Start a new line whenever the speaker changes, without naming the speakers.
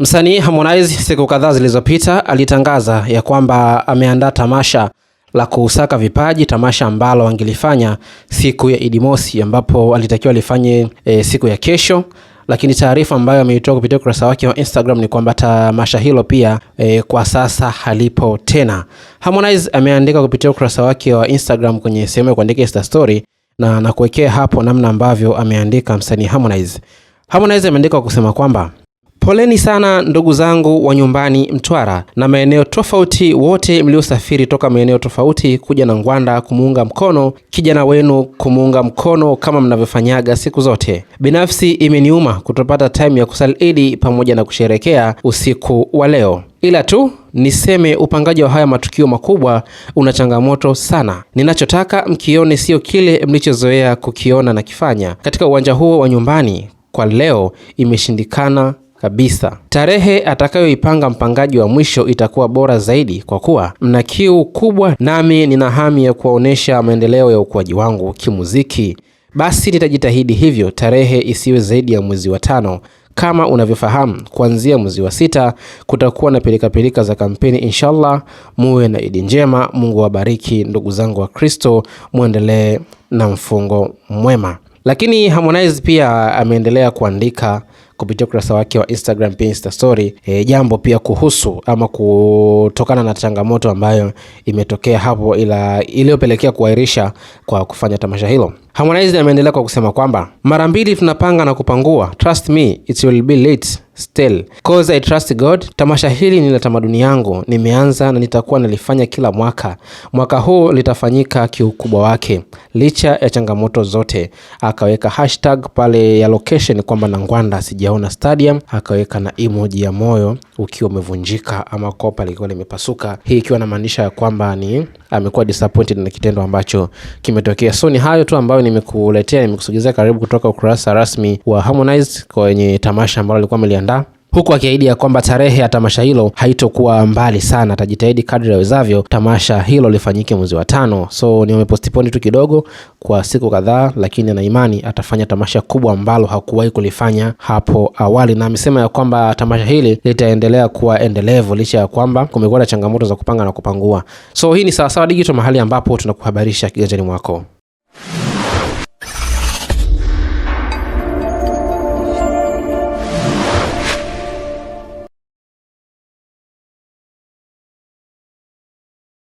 Msanii Harmonize siku kadhaa zilizopita alitangaza ya kwamba ameandaa tamasha la kusaka vipaji, tamasha ambalo angelifanya siku ya Idi Mosi, ambapo alitakiwa alifanye e, siku ya kesho lakini taarifa ambayo ameitoa kupitia ukurasa wake wa Instagram ni kwamba tamasha hilo pia e, kwa sasa halipo tena. Harmonize ameandika kupitia ukurasa wake wa Instagram kwenye sehemu ya kuandika Insta story na nakuwekea hapo namna ambavyo ameandika msanii Harmonize. Harmonize ameandika kusema kwamba Poleni sana ndugu zangu wa nyumbani Mtwara na maeneo tofauti, wote mliosafiri toka maeneo tofauti kuja na Ngwanda kumuunga mkono kijana wenu, kumuunga mkono kama mnavyofanyaga siku zote. Binafsi imeniuma kutopata time ya kusali Idi pamoja na kusherekea usiku wa leo, ila tu niseme upangaji wa haya matukio makubwa una changamoto sana. Ninachotaka mkione sio kile mlichozoea kukiona na kifanya katika uwanja huo wa nyumbani, kwa leo imeshindikana kabisa. Tarehe atakayoipanga mpangaji wa mwisho itakuwa bora zaidi, kwa kuwa mna kiu kubwa, nami nina hamu ya kuwaonyesha maendeleo ya ukuaji wangu kimuziki. Basi nitajitahidi hivyo, tarehe isiwe zaidi ya mwezi wa tano. Kama unavyofahamu, kuanzia mwezi wa sita kutakuwa na pilikapilika za kampeni. Inshallah, muwe na idi njema. Mungu wabariki ndugu zangu wa Kristo, mwendelee na mfungo mwema. Lakini Harmonize pia ameendelea kuandika kupitia ukurasa wake wa Instagram pia Insta story e, jambo pia kuhusu ama kutokana na changamoto ambayo imetokea hapo, ila iliyopelekea kuahirisha kwa kufanya tamasha hilo. Harmonize ameendelea kwa kusema kwamba mara mbili tunapanga na kupangua, trust me it will be late still cause I trust God. Tamasha hili ni la tamaduni yangu, nimeanza na nitakuwa nalifanya kila mwaka. Mwaka huu litafanyika kiukubwa wake licha ya changamoto zote. Akaweka hashtag pale ya location kwamba Nangwanda sijaona stadium, akaweka na emoji ya moyo ukiwa umevunjika ama kopa likiwa limepasuka, hii ikiwa na maanisha ya kwamba ni amekuwa disappointed na kitendo ambacho kimetokea. So ni hayo tu ambayo nimekuletea, nimekusogezea karibu kutoka ukurasa rasmi wa Harmonize kwenye tamasha ambalo alikuwa ameliandaa huku akiahidi ya kwamba tarehe ya tamasha hilo haitokuwa mbali sana, atajitahidi kadri awezavyo tamasha hilo lifanyike mwezi wa tano. So ni wamepostpone tu kidogo kwa siku kadhaa, lakini ana imani atafanya tamasha kubwa ambalo hakuwahi kulifanya hapo awali, na amesema ya kwamba tamasha hili litaendelea kuwa endelevu licha ya kwamba kumekuwa na changamoto za kupanga na kupangua. So hii ni Sawasawa Digital, mahali ambapo tunakuhabarisha kiganjani mwako.